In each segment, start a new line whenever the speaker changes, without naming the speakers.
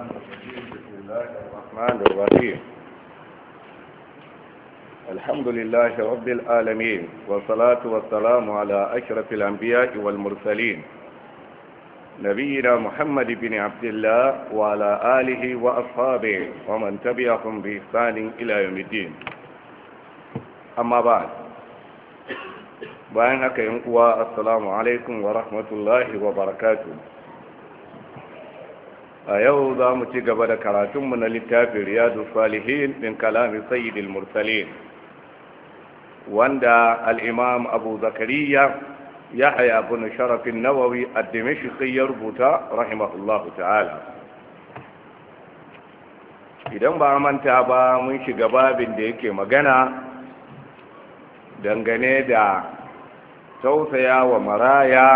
بسم الله الرحمن الرحيم الحمد لله رب العالمين والصلاة والسلام على أشرف الأنبياء والمرسلين نبينا محمد بن عبد الله وعلى آله وأصحابه ومن تبعهم بإحسان إلى يوم الدين أما بعد بأنك ينقوى السلام عليكم ورحمة الله وبركاته a yau za mu ci gaba da karatunmu na littafin riyadu salihin ɗin kalami sayyidil mursalin wanda al'imam abu zakariya ya haya bin sharafin nawawi a dimishiki ya rubuta rahimahullahu ta'ala idan ba manta ba mun shiga babin da yake magana dangane da tausaya wa maraya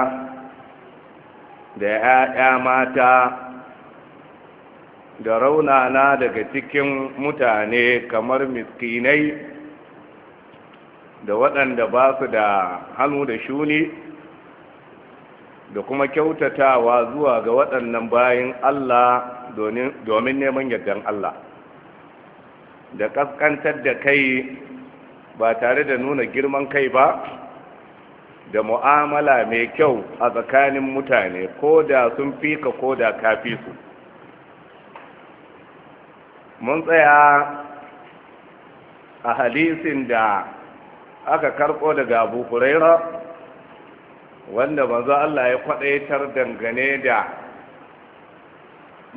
da 'ya'ya mata da raunana daga cikin mutane kamar miskinai da waɗanda ba su da hannu da shuni da kuma kyautatawa zuwa ga waɗannan bayan Allah domin neman yaddan Allah da ƙasƙantar da kai ba tare da nuna girman kai ba da mu'amala mai kyau a tsakanin mutane ko da sun fi ka ko da ka fi su mun tsaya a hadisin da aka karɓo daga abu huraira wanda manzo Allah ya kwadaitar dangane da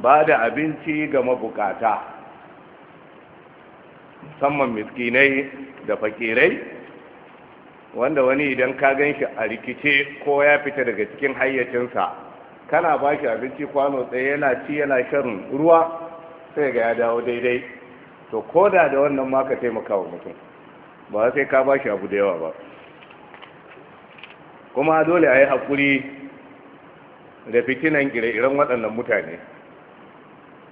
ba da abinci ga mabukata musamman miskinai da fakirai wanda wani idan ka gan shi a rikice ko ya fita daga cikin hayyacinsa kana ba shi abinci kwano tsaye yana ci yana shan ruwa sai ga ya dawo daidai to ko da da wannan ma ka taimaka wa mutum ba sai ka ba shi abu da yawa ba kuma dole a yi haƙuri da fitinan ire-iren waɗannan mutane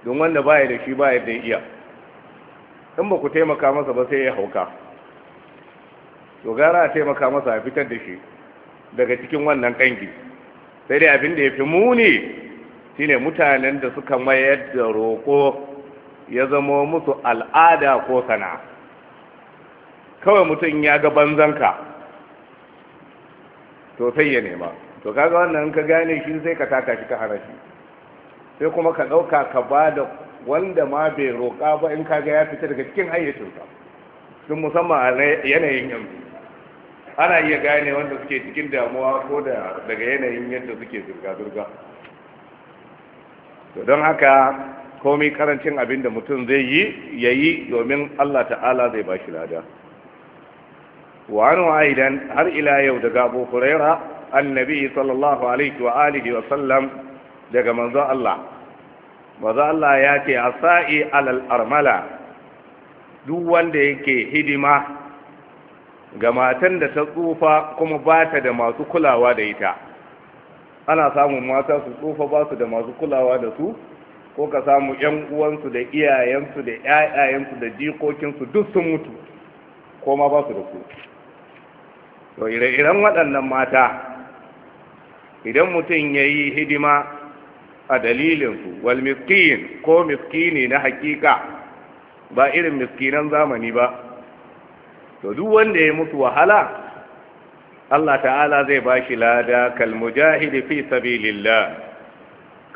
don wanda ba da shi ba da iya in ba ku taimaka masa ba sai ya hauka to gara a taimaka masa a fitar da shi daga cikin wannan ƙangi sai dai abin da ya fi muni shine mutanen da suka mayar da roƙo ya zama musu al'ada ko sana. kawai mutum ya ga banzanka to sai ya nema to kaga wannan ka gane shi sai ka taka shi ka harashi. sai kuma ka ɗauka ka ba da wanda ma bai roƙa ba in kaga ya fita daga cikin hayyacinsa sun musamman a yanayin yanzu ana iya gane wanda suke cikin damuwa ko daga yanayin yadda suke zirga-zirga don haka komai karancin abin da mutum zai yi ya yi domin Allah ta'ala zai ba shi lada wa an idan har ila yau daga abu huraira annabi sallallahu alaihi wa alihi wa sallam daga manzo Allah manzo Allah ya ce sa'i alal armala duk wanda yake hidima ga matan da ta tsufa kuma ba ta da masu kulawa da ita ana samun mata su tsufa ba su da masu kulawa da su ko ka samu yan uwansu da iyayensu da ƴaƴayensu da jikokinsu duk sun mutu ko ma ba su da ku to ire-iren waɗannan mata idan mutum ya yi hidima a dalilinsu wal miskin ko miskini na hakika ba irin miskinan zamani ba to duk wanda ya mutu wahala Allah ta'ala zai ba shi lada kalmujahidi fi sabilillah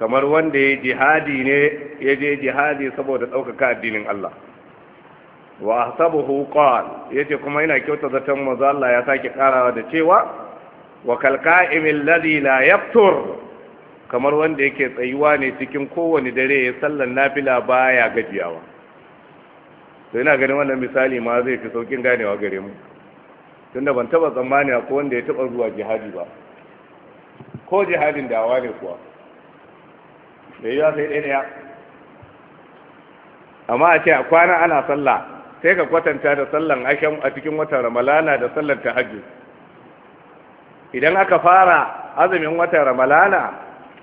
kamar wanda ya jihadi ne ya je jihadi saboda ɗaukaka addinin Allah wa ahsabuhu qal yace kuma ina kyauta zaton manzo Allah ya sake karawa da cewa wa kalqa'im alladhi la yaftur kamar wanda yake tsayuwa ne cikin kowane dare ya sallan nafila baya gajiyawa to ina ganin wannan misali ma zai fi saukin ganewa gare mu tunda ban taba tsammani akwai wanda ya taba zuwa jihadi ba ko jihadin dawa ne kuwa mai yiwa sai ɗaya amma a ce a kwana ana sallah sai ka kwatanta da sallan ashen a cikin watan ramalana da sallan Hajji. idan aka fara azumin watan ramalana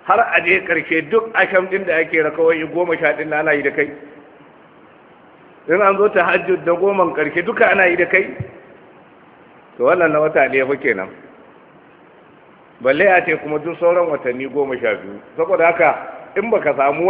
har a je karshe duk asham din da ake rakawai goma sha ɗin ana yi da kai in an zo ta Hajji da goman karshe duka ana yi da kai to wannan na wata ne fuke nan. balle a ce kuma duk sauran watanni goma sha biyu saboda haka in baka samu